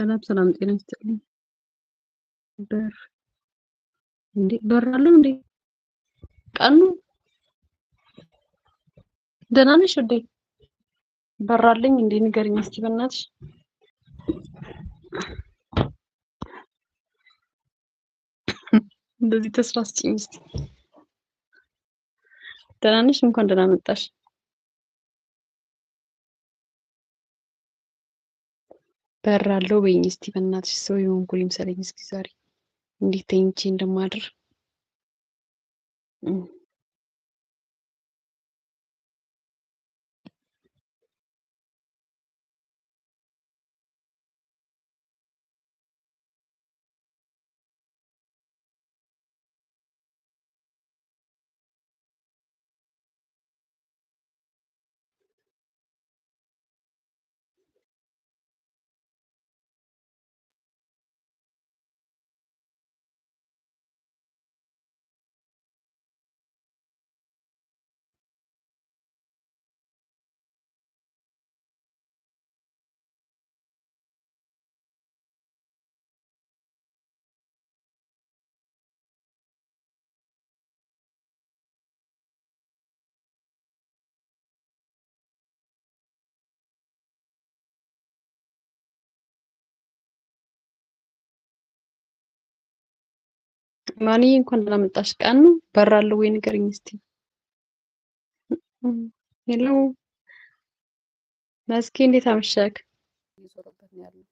ሰላም ሰላም፣ ጤና ይስጥልኝ። በር እንዴ በር አለው እንዴ? ቀኑ ደህና ነሽ እንዴ? በር አለኝ እንዴ? ንገሪኝ እስኪ በእናትሽ። እንደዚህ ተስፋ ስጪኝ እስኪ። ደህና ነሽ? እንኳን ደህና መጣሽ። እፈራለሁ በይኝ እስቲ በእናትሽ። ሰው የሆንኩ ሊምሰለኝ እስኪ ዛሬ እንዴት ተኝቼ እንደማድር ማን እንኳን ላመጣሽ ቃል ነው በራለ ወይ ንገረኝ እስቲ። ሄሎ መስኪ እንዴት አመሻክ? እየዞረበት ነው ያለው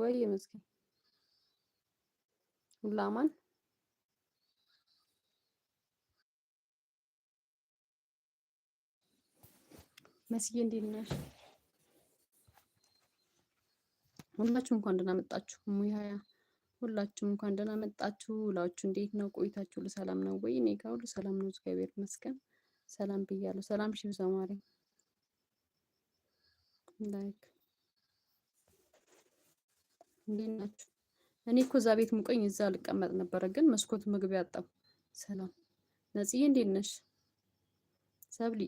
ወይ መስኪ? ሁላ አማን መስዬ እንዴት ነሽ? ሁላችሁ እንኳን ደህና መጣችሁ ሙያ ሁላችሁም እንኳን ደህና መጣችሁ። ሁላችሁ እንዴት ነው ቆይታችሁ? ለሰላም ነው ወይ? እኔ ጋር ሁሉ ሰላም ነው፣ እግዚአብሔር ይመስገን። ሰላም ብያለሁ። ሰላም ሺህ ብዛ ላይክ እንዴት ናችሁ? እኔ እኮ እዛ ቤት ሙቀኝ እዛ ልቀመጥ ነበረ፣ ግን መስኮት ምግብ ያጣው። ሰላም ነጽዬ፣ እንዴት ነሽ? ሰብሊ፣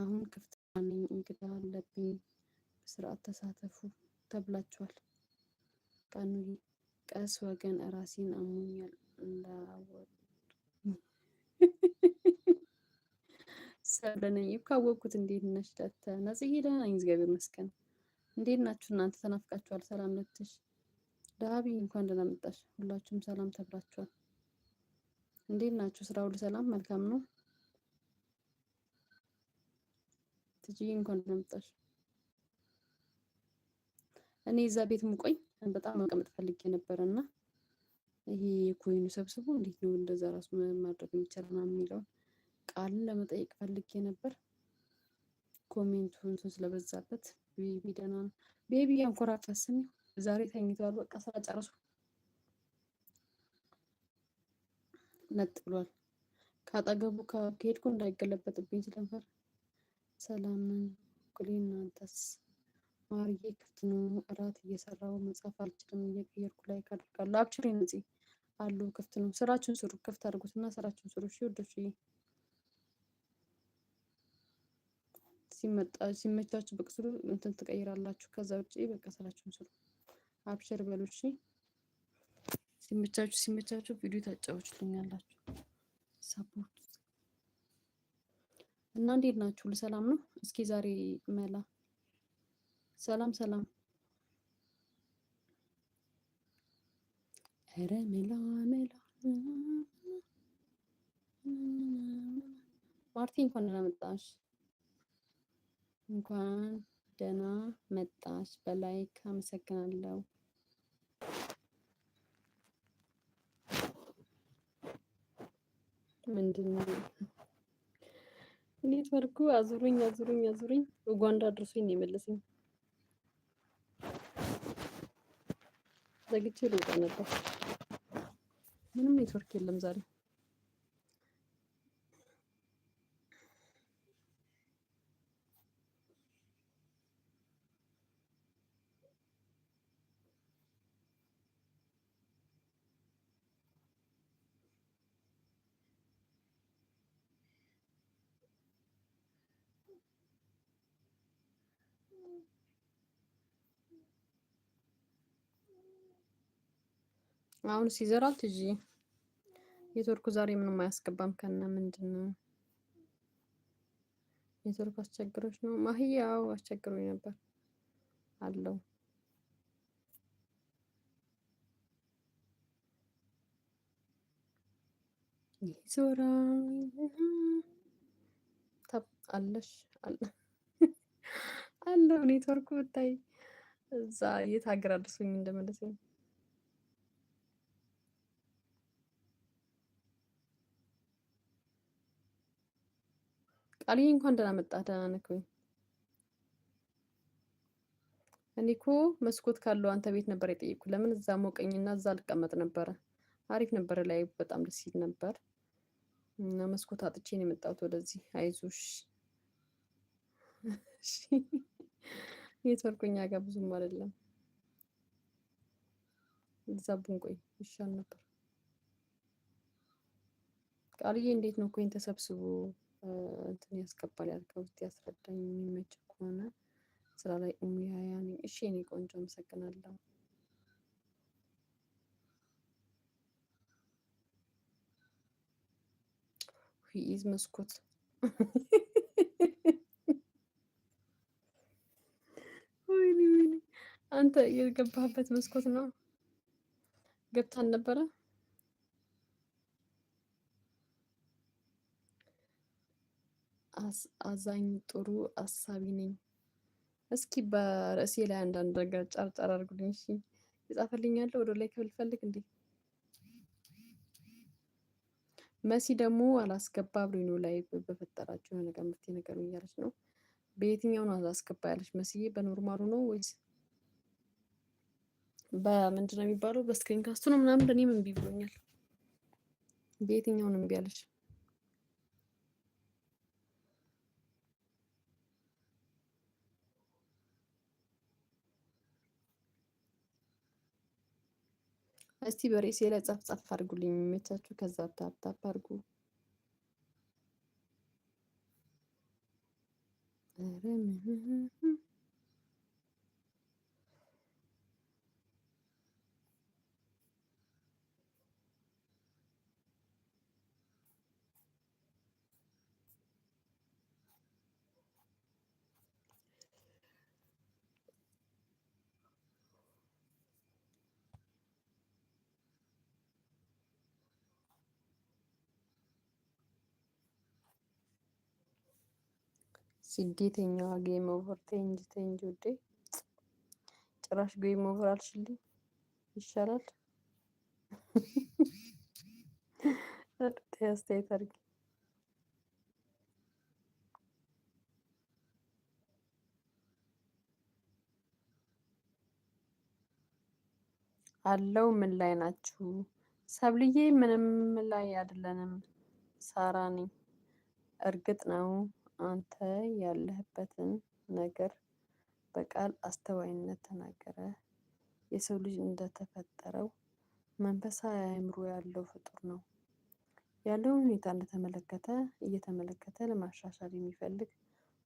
አሁን ክፍት ነኝ፣ እንግዳ አለብኝ። በስርዓት ተሳተፉ ተብላችኋል። ቃኑዬ ቀስ ወገን ራሴን አሞኛል እንዳወቅ ሰለነኝ ካወቅኩት። እንዴት ነሽ ዳታ ነጽዬ? ደህና ነኝ እግዚአብሔር ይመስገን። እንዴት ናችሁ እናንተ? ተናፍቃችኋል። ሰላም ነትሽ ዳሀቢ እንኳን ደህና መጣሽ። ሁላችሁም ሰላም ተብላችኋል። እንዴት ናችሁ? ስራ ሁሉ ሰላም መልካም ነው። ትጅዬ እንኳን ደህና መጣሽ። እኔ እዛ ቤት ሙቆኝ በጣም መቀመጥ ፈልጌ ነበር እና ይሄ የኮይኑ ሰብስቦ እንዴት ነው እንደዛ ራሱ ማድረግ የሚቻል ምናምን የሚለውን ቃልን ለመጠየቅ ፈልጌ ነበር። ኮሜንቱ እንትን ስለበዛበት ቤቢ ደህና ነው። ቤቢ ያንኮራፋ ስሚ ዛሬ ተኝተዋል። በቃ ስራ ጨርሱ ነጥ ብሏል። ከአጠገቡ ከሄድኩ እንዳይገለበጥብኝ ስለምፈር ሰላምን ነን። እናንተስ? ማርዬ ክፍት ነው። እራት እየሰራው መጽሐፍ አልችልም። እየቀየርኩ ላይ ካደርጋለሁ። አክቹሊ እነዚህ አሉ ክፍት ነው። ስራችሁን ስሩ። ክፍት አድርጉት እና ስራችሁን ስሩ። እሺ ወዶች ሲመጣ ሲመቻችሁ በቅ ስሩ እንትን ትቀይራላችሁ። ከዛ ውጭ በቃ ስራችሁን ስሩ። አብሽር በሉ እሺ። ሲመቻችሁ ሲመቻችሁ ቪዲዮ ታጫውችልኛላችሁ። ሰፖርት እና እንዴት ናችሁ? ለሰላም ነው። እስኪ ዛሬ መላ ሰላም ሰላም። ኧረ ሜላ ሜላ ማርቲ እንኳን ደህና መጣሽ። እንኳን ደህና መጣሽ። በላይክ አመሰግናለሁ። ምንድን ነው ኔትወርኩ? አዙሩኝ አዙሩኝ አዙሩኝ። ኡጋንዳ አድርሱኝ ነው የመለሰኝ። ዘግቼ ልውጣ ነበር። ምንም ኔትወርክ የለም ዛሬ። አሁን ሲዘራል ትጂ ኔትወርኩ ዛሬ ምንም አያስገባም። ከነ ምንድን ነው ኔትወርክ አስቸግሮች ነው ማህያው አስቸግሮኝ ነበር አለው ይዞራ ታብ አለሽ አለው ኔትወርኩ ብታይ እዛ የት ሀገር አድርሶኝ እንደመለሰኝ ቃልዬ እንኳን ደህና መጣ ደህና ነክ ወይ? እኔ እኮ መስኮት ካለው አንተ ቤት ነበር የጠየቅኩ። ለምን እዛ ሞቀኝና እዛ ልቀመጥ ነበረ። አሪፍ ነበረ ላይ በጣም ደስ ይል ነበር። እና መስኮት አጥቼ ነው የመጣሁት ወደዚህ። አይዞሽ። እሺ ጋር ብዙም አይደለም። እዛ ቡንቆይ ይሻል ነበር። ቃልዬ እንዴት ነው? ኮይን ተሰብስቦ እንትን ያስገባል ያልከው ውስጥ ያስረዳኝ የሚመች ከሆነ ስራ ላይ ሙያ እሺ የኔ ቆንጆ አመሰግናለሁ። ሂኢዝ መስኮት ወይኔ ወይኔ፣ አንተ የገባህበት መስኮት ነው። ገብታን ነበረ አዛኝ ጥሩ አሳቢ ነኝ። እስኪ በርዕሴ ላይ አንዳንድ ነገር ጨርጨር አድርጉልኝ። እሺ የጻፈልኝ ያለው ወደ ላይ ክብል ፈልግ እንዴ መሲ ደግሞ አላስገባ ብሪኑ ላይ በፈጠራችሁ የሆነ ነገር ምርት ነገር እያለች ነው። በየትኛው ነው አላስገባ ያለች መስዬ? በኖርማሉ ነው ወይስ በምንድን ነው የሚባለው? በስክሪን ካስቱ ነው ምናምን። በእኔም እምቢ ብሎኛል። በየትኛው ነው እምቢ ያለች? እስቲ በሬሴ ላይ ጸፍጸፍ አድርጉልኝ የሚመቻችሁ፣ ከዛ ታፕታፕ አድርጉ። ስዴተኛዋ ጌም ኦቨር ቴንጅ እንጂ ውዴ፣ ጭራሽ ጌም ኦቨር አልሽልኝ። ይሻላል አስተያየት አድርጊ። አለው ምን ላይ ናችሁ? ሰብልዬ ምንም ላይ አይደለንም። ሳራ ነኝ። እርግጥ ነው አንተ ያለህበትን ነገር በቃል አስተዋይነት ተናገረ። የሰው ልጅ እንደተፈጠረው መንፈሳዊ አእምሮ ያለው ፍጡር ነው። ያለውን ሁኔታ እንደተመለከተ እየተመለከተ ለማሻሻል የሚፈልግ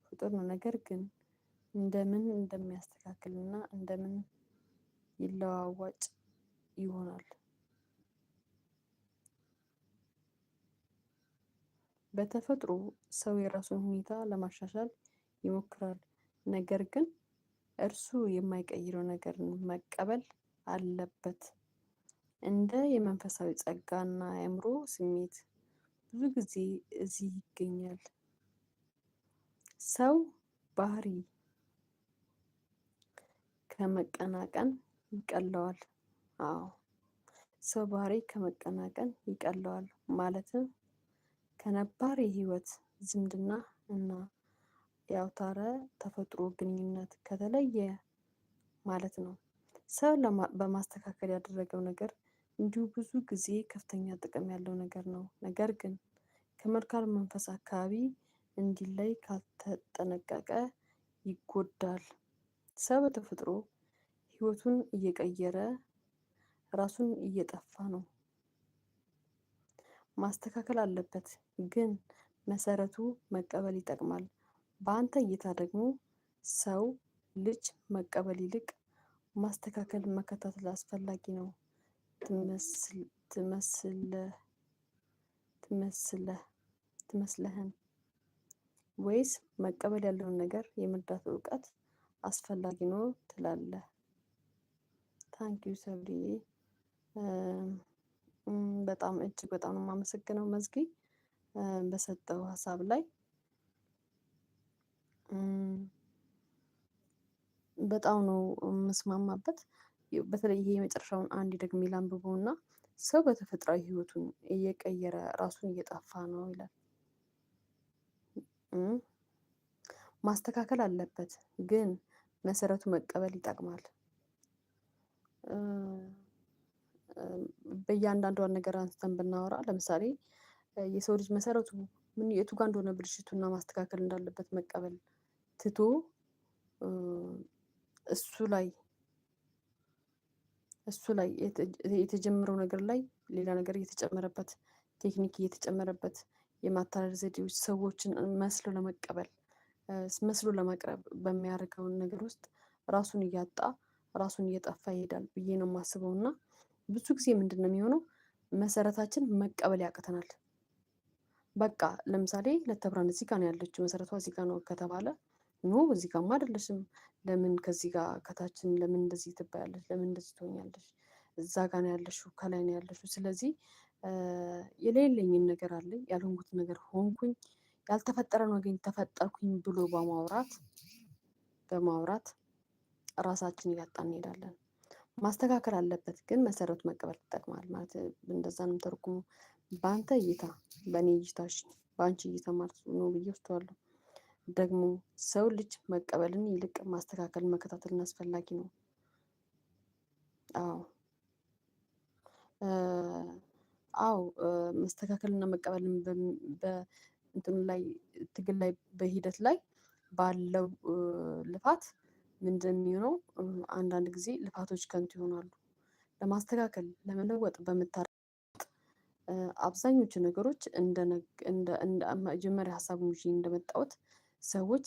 ፍጡር ነው። ነገር ግን እንደምን እንደሚያስተካክልና እንደምን ይለዋዋጭ ይሆናል። በተፈጥሮ ሰው የራሱን ሁኔታ ለማሻሻል ይሞክራል። ነገር ግን እርሱ የማይቀይረው ነገርን መቀበል አለበት። እንደ የመንፈሳዊ ጸጋ እና የአእምሮ ስሜት ብዙ ጊዜ እዚህ ይገኛል። ሰው ባህሪ ከመቀናቀን ይቀለዋል። አዎ ሰው ባህሪ ከመቀናቀን ይቀለዋል ማለትም ከነባር የህይወት ዝምድና እና የአውታረ ተፈጥሮ ግንኙነት ከተለየ ማለት ነው። ሰው በማስተካከል ያደረገው ነገር እንዲሁ ብዙ ጊዜ ከፍተኛ ጥቅም ያለው ነገር ነው። ነገር ግን ከመልካም መንፈስ አካባቢ እንዲለይ ካልተጠነቀቀ ይጎዳል። ሰው በተፈጥሮ ህይወቱን እየቀየረ ራሱን እየጠፋ ነው። ማስተካከል አለበት፣ ግን መሰረቱ መቀበል ይጠቅማል። በአንተ እይታ ደግሞ ሰው ልጅ መቀበል ይልቅ ማስተካከል መከታተል አስፈላጊ ነው ትመስለህን? ወይስ መቀበል ያለውን ነገር የመርዳት እውቀት አስፈላጊ ነው ትላለህ? ታንኪዩ ሰብርዬ በጣም እጅግ በጣም ነው የማመሰግነው መዝጊ በሰጠው ሀሳብ ላይ በጣም ነው የምስማማበት። በተለይ ይሄ የመጨረሻውን አንድ ደግሜ ላንብበው እና ሰው በተፈጥሯዊ ህይወቱን እየቀየረ ራሱን እየጠፋ ነው ይላል። ማስተካከል አለበት፣ ግን መሰረቱ መቀበል ይጠቅማል። በእያንዳንዷን ነገር አንስተን ብናወራ ለምሳሌ የሰው ልጅ መሰረቱ ምን የቱ ጋር እንደሆነ ብልሽቱና ማስተካከል እንዳለበት መቀበል ትቶ እሱ ላይ እሱ ላይ የተጀመረው ነገር ላይ ሌላ ነገር እየተጨመረበት ቴክኒክ እየተጨመረበት የማታለል ዘዴዎች ሰዎችን መስሎ ለመቀበል መስሎ ለማቅረብ በሚያደርገውን ነገር ውስጥ ራሱን እያጣ ራሱን እየጠፋ ይሄዳል ብዬ ነው የማስበው እና ብዙ ጊዜ ምንድን ነው የሚሆነው? መሰረታችን መቀበል ያቅተናል። በቃ ለምሳሌ ለተብራን እዚህ ጋ ነው ያለች መሰረቷ እዚህ ጋ ነው ከተባለ ኖ እዚህ ጋርማ አይደለሽም፣ ለምን ከዚህ ጋ ከታችን ለምን እንደዚህ ትባያለች ለምን እንደዚህ ትሆኛለች? እዛ ጋ ነው ያለሽው፣ ከላይ ነው ያለሽው። ስለዚህ የሌለኝን ነገር አለኝ ያልሆንኩት ነገር ሆንኩኝ፣ ያልተፈጠረ ግን ተፈጠርኩኝ ብሎ በማውራት በማውራት ራሳችን እያጣን እንሄዳለን። ማስተካከል አለበት፣ ግን መሰረቱ መቀበል ይጠቅማል ማለት እንደዛ ነው ተርጉሙ። በአንተ እይታ፣ በእኔ እይታ፣ በአንቺ እይታ ማለት ነው ብዬ ወስደዋለሁ። ደግሞ ሰው ልጅ መቀበልን ይልቅ ማስተካከል መከታተል አስፈላጊ ነው። አዎ አዎ መስተካከልና መቀበልን በእንትኑ ላይ ትግል ላይ በሂደት ላይ ባለው ልፋት ምንድን የሚሆነው አንዳንድ ጊዜ ልፋቶች ከንቱ ይሆናሉ። ለማስተካከል ለመለወጥ በምታረ አብዛኞቹ ነገሮች መጀመሪያ ሀሳቡ ሙ እንደመጣሁት ሰዎች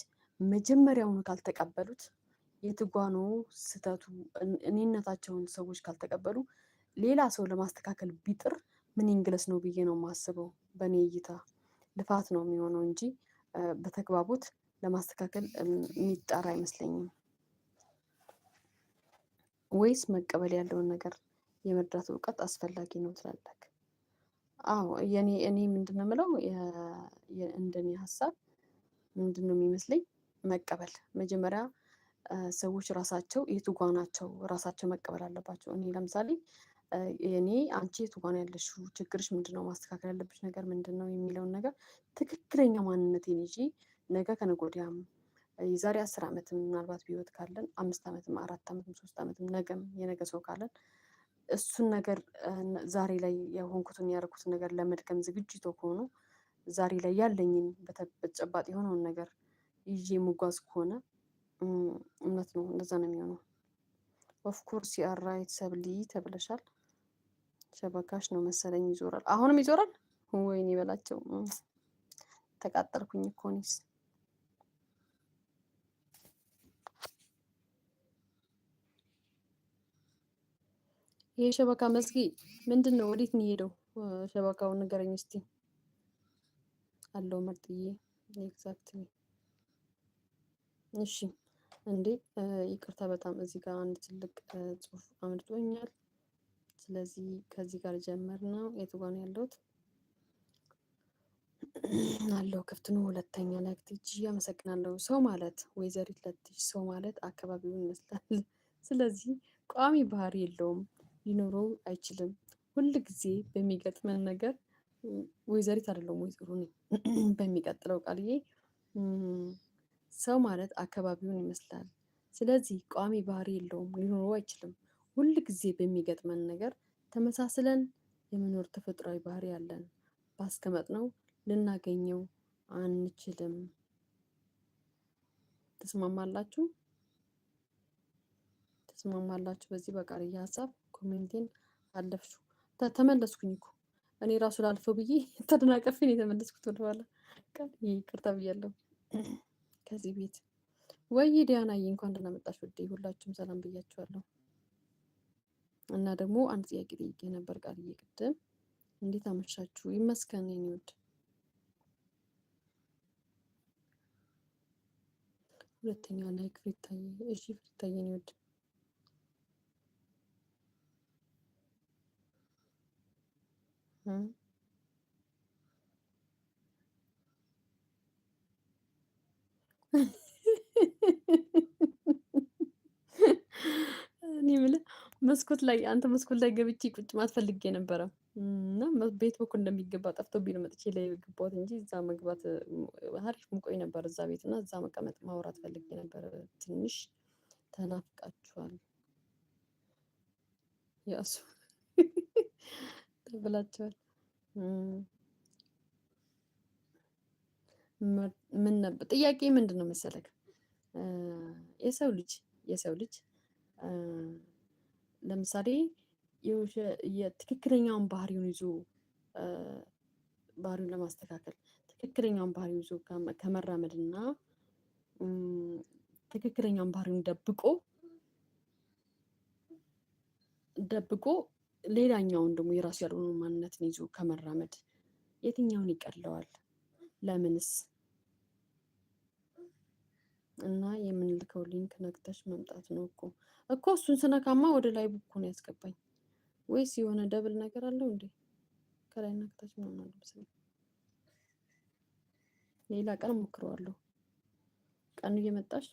መጀመሪያውኑ ካልተቀበሉት የትጓኖ ስህተቱ እኔነታቸውን ሰዎች ካልተቀበሉ ሌላ ሰው ለማስተካከል ቢጥር ምን ይንግለስ ነው ብዬ ነው የማስበው። በእኔ እይታ ልፋት ነው የሚሆነው እንጂ በተግባቦት ለማስተካከል የሚጣር አይመስለኝም። ወይስ መቀበል ያለውን ነገር የመርዳት እውቀት አስፈላጊ ነው ትላለህ? አዎ የኔ እኔ ምንድን ነው የምለው እንደኔ ሀሳብ ምንድን ነው የሚመስለኝ መቀበል መጀመሪያ ሰዎች ራሳቸው የቱጓ ናቸው ራሳቸው መቀበል አለባቸው። እኔ ለምሳሌ እኔ አንቺ የቱጓ ነው ያለሽው፣ ችግርሽ ምንድን ነው፣ ማስተካከል ያለብሽ ነገር ምንድን ነው የሚለውን ነገር ትክክለኛ ማንነቴን ይዤ ነገ ከነገ ወዲያም የዛሬ አስር ዓመትም ምናልባት ቢወት ካለን አምስት ዓመትም አራት ዓመትም ሶስት ዓመትም ነገም የነገ ሰው ካለን እሱን ነገር ዛሬ ላይ የሆንኩትን ያደረኩትን ነገር ለመድገም ዝግጅቶ ከሆኑ ዛሬ ላይ ያለኝን በተጨባጥ የሆነውን ነገር ይዤ የምጓዝ ከሆነ እምነት ነው፣ እንደዛ ነው የሚሆነው። ኦፍኮርስ የአራ የተሰብሊ ተብለሻል። ሸበካሽ ነው መሰለኝ። ይዞራል፣ አሁንም ይዞራል። ወይኔ በላቸው ተቃጠልኩኝ እኮ እኔስ ይሄ ሸበካ መስጊ ምንድን ነው? ወዴት እንሄደው ሸበካው ሸበካውን ንገረኝ እስቲ አለው መርጥዬ። ኤግዛክትሊ እሺ። እንዴ ይቅርታ፣ በጣም እዚህ ጋር አንድ ትልቅ ጽሁፍ አምርጦኛል። ስለዚህ ከዚህ ጋር ጀመር ነው የትጓን ያለሁት አለው ክፍትኑ ሁለተኛ ላይ አመሰግናለሁ። ሰው ማለት ወይዘሪት ለትጅ ሰው ማለት አካባቢውን ይመስላል። ስለዚህ ቋሚ ባህሪ የለውም። ሊኖረው አይችልም። ሁል ጊዜ በሚገጥመን ነገር ወይዘሪት አይደለም ወይዘሮ ነኝ። በሚቀጥለው ቃልዬ ሰው ማለት አካባቢውን ይመስላል። ስለዚህ ቋሚ ባህሪ የለውም፣ ሊኖረው አይችልም። ሁል ጊዜ በሚገጥመን ነገር ተመሳስለን የመኖር ተፈጥሯዊ ባህሪ ያለን ነው ልናገኘው አንችልም። ተስማማላችሁ? ተስማማላችሁ በዚህ በቃልዬ ሀሳብ? ኮሜንቴን አለፍሹ ተመለስኩኝ እኮ እኔ ራሱ ላልፈው ብዬ ተደናቀፌ የተመለስኩት ወደኋላ። ይቅርታ ብያለሁ። ከዚህ ቤት ወይ ዲያናዬ፣ እንኳን ደህና መጣሽ ውዴ። ሁላችሁም ሰላም ብያችኋለሁ። እና ደግሞ አንድ ጥያቄ ጠይቄ ነበር ቃልዬ ቅድም። እንዴት አመሻችሁ? ይመስገን የእኔ ውድ ሁለተኛ ላይ ክፍል ይታየ። እሺ፣ ክፍል ይታየ ነው። እኔ የምልህ መስኮት ላይ አንተ መስኮት ላይ ገብቼ ቁጭ ማለት ፈልጌ ነበረ እና ቤት በኩል እንደሚገባ ጠፍቶ ነው መጥቼ ላይ ግባት እንጂ እዛ መግባት ሀሪፍ ሙቆኝ ነበር እዛ ቤት እና እዛ መቀመጥ ማውራት ፈልጌ ነበር። ትንሽ ተናፍቃችኋል ያሱ ብላችኋል። ምን ነበር ጥያቄ? ምንድን ነው መሰለክ የሰው ልጅ የሰው ልጅ ለምሳሌ የትክክለኛውን ባህሪውን ይዞ ባህሪውን ለማስተካከል ትክክለኛውን ባህሪውን ይዞ ከመራመድ እና ትክክለኛውን ባህሪውን ደብቆ ደብቆ ሌላኛውን ደግሞ የራሱ ያልሆኑ ማንነትን ይዞ ከመራመድ የትኛውን ይቀለዋል? ለምንስ? እና የምንልከው ሊንክ ነክተሽ መምጣት ነው እኮ እኮ እሱን ስነካማ ወደ ላይ ብኮ ነው ያስገባኝ። ወይስ የሆነ ደብል ነገር አለው እንዴ? ከላይ ነክተሽ ማለት ነው? ሌላ ቀን ሞክረዋለሁ። ቀኑ እየመጣሽ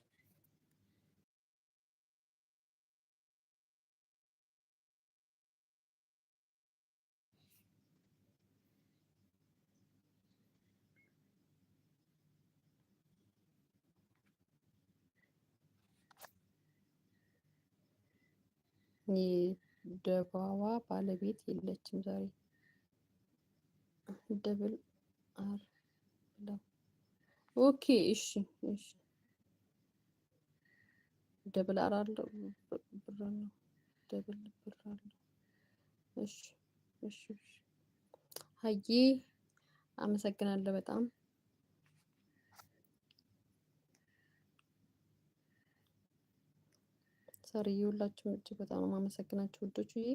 የደባዋ ባለቤት የለችም ዛሬ ደብል አር ኦኬ፣ እሺ፣ እሺ። ደብል አር አለው ብር ነው። ደብል ብር አለው። እሺ፣ እሺ፣ እሺ። ሀዬ አመሰግናለሁ በጣም ሰሪ ሁላችሁም እጅግ በጣም ነው የማመሰግናችሁ ውዶች። ይሄ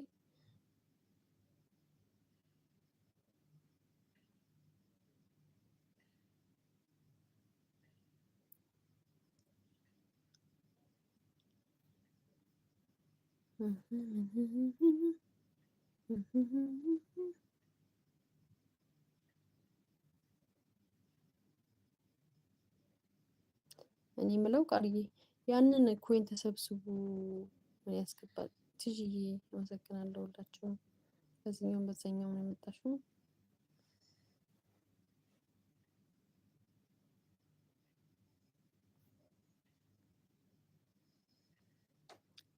እኔ ምለው ቃልዬ ያንን ኮይን ተሰብስቡ ያስገባል። ትይዬ አመሰግናለሁ። ሁላችሁ በዚህኛውም በዛኛውም ነው የመጣችሁ።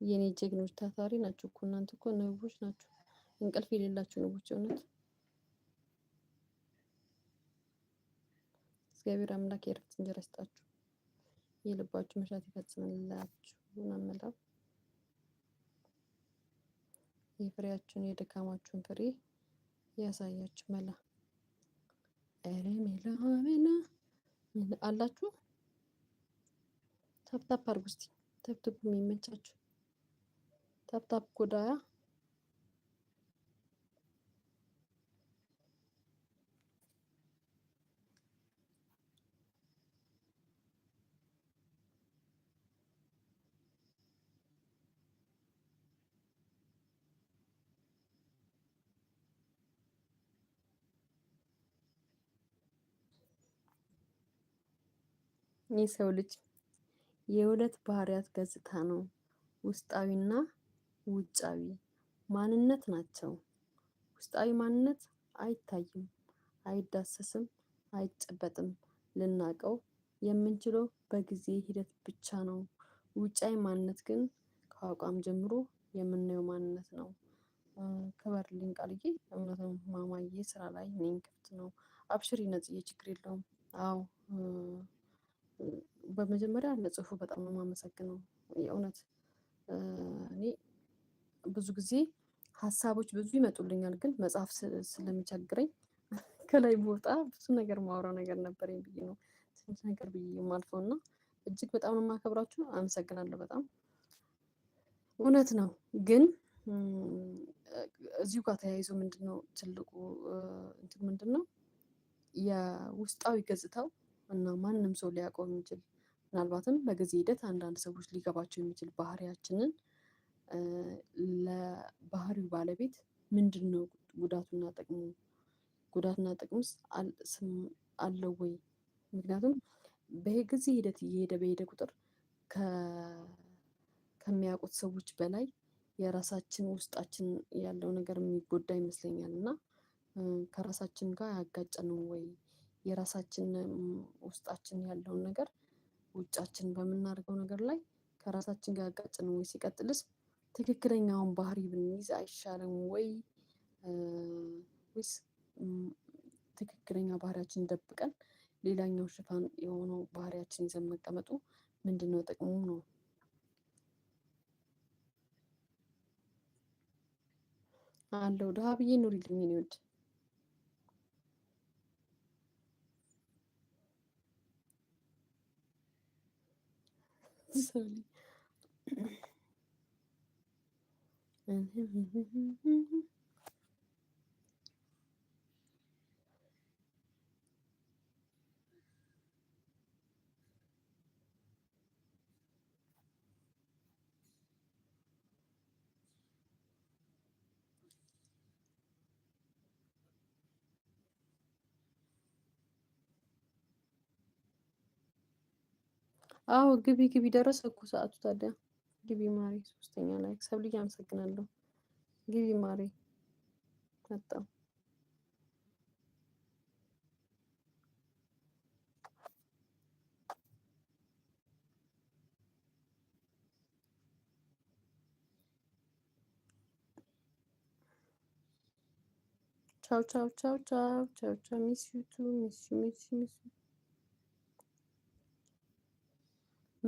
የኔ ጀግኖች ታታሪ ናችሁ እኮ እናንተ እኮ ንቦች ናችሁ፣ እንቅልፍ የሌላችሁ ንቦች። እውነት እግዚአብሔር አምላክ የእረፍት እንጀራ ይስጣችሁ። የልባችሁ መሻት ይፈጽምላችሁ ነው የምለው። የፍሬያችሁን የድካማችሁን ፍሬ ያሳያችሁ መላ ሜላ ሜላ አላችሁ። ታፕታፕ አድርጉ እስኪ ተብትቡ የሚመቻችሁ ታፕታፕ ጎዳያ የሰው ልጅ የሁለት ባህሪያት ገጽታ ነው፣ ውስጣዊና ውጫዊ ማንነት ናቸው። ውስጣዊ ማንነት አይታይም፣ አይዳሰስም፣ አይጨበጥም። ልናውቀው የምንችለው በጊዜ ሂደት ብቻ ነው። ውጫዊ ማንነት ግን ከአቋም ጀምሮ የምናየው ማንነት ነው። ክበርልኝ ቃልዬ፣ እውነት ነው ማማዬ፣ ስራ ላይ ነኝ፣ ክፍት ነው። አብሽሪ ነጽዬ፣ ችግር የለውም። አዎ በመጀመሪያ ለጽሁፉ በጣም ነው የማመሰግነው። የእውነት እኔ ብዙ ጊዜ ሀሳቦች ብዙ ይመጡልኛል፣ ግን መጽሐፍ ስለሚቸግረኝ ከላይ ቦታ ብዙ ነገር ማውራው ነገር ነበረኝ ብዬ ነው ትንሽ ነገር ብዬ የማልፈው እና እጅግ በጣም ነው የማከብራችሁ። አመሰግናለሁ። በጣም እውነት ነው። ግን እዚሁ ጋር ተያይዞ ምንድን ነው ትልቁ እንትን ምንድን ነው የውስጣዊ ገጽታው እና ማንም ሰው ሊያውቀው የሚችል ምናልባትም በጊዜ ሂደት አንዳንድ ሰዎች ሊገባቸው የሚችል ባህሪያችንን ለባህሪው ባለቤት ምንድን ነው ጉዳቱና ጥቅሙ፣ ጉዳትና ጥቅምስ አለው ወይ? ምክንያቱም በጊዜ ሂደት እየሄደ በሄደ ቁጥር ከሚያውቁት ሰዎች በላይ የራሳችን ውስጣችን ያለው ነገር የሚጎዳ ይመስለኛል እና ከራሳችን ጋር ያጋጨ ነው ወይ የራሳችን ውስጣችን ያለውን ነገር ውጫችን በምናደርገው ነገር ላይ ከራሳችን ጋር ያጋጭን ወይ? ሲቀጥልስ ትክክለኛውን ባህሪ ብንይዝ አይሻልም ወይ? ወይስ ትክክለኛ ባህሪያችን ደብቀን ሌላኛው ሽፋን የሆነው ባህሪያችን ይዘን መቀመጡ ምንድን ነው ጥቅሙ ነው? አለው ድሀ ብዬ ኑሪልኝ Sorry. አዎ ግቢ ግቢ ደረሰ እኮ ሰዓቱ። ታዲያ ግቢ ማሬ። ሶስተኛ ላይ ሰብ ልጅ አመሰግናለሁ። ግቢ ማሬ መጣ። ቻው ቻው ቻው ቻው ቻው ቻው። ሚስ ዩ ቱ ሚስ ዩ ሚስ ዩ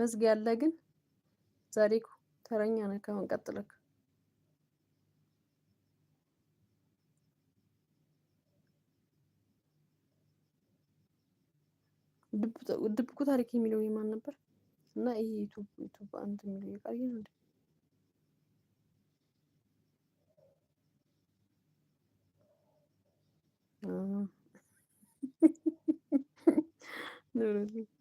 መዝጊያ ያለ ግን ዛሬ እኮ ተረኛ ነህ። ከምን ቀጥለክ ድብቁ ታሪክ የሚለው የማን ነበር? እና ይሄ ዩቱብ ዩቱብ አንድ የሚለው ነው ይሄ ነው።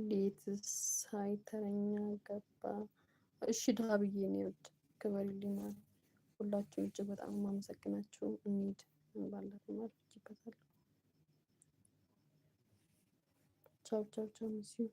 እንዴት ሳይተኛ ገባ? እሺ ድሃ ብዬ ነው ይወድ ክበል ሊማል ሁላችሁም እጅግ በጣም ማመሰግናችሁ። እንሂድ ባላት ማለት ይችላል። ቻው ቻው ቻው ሚስዩ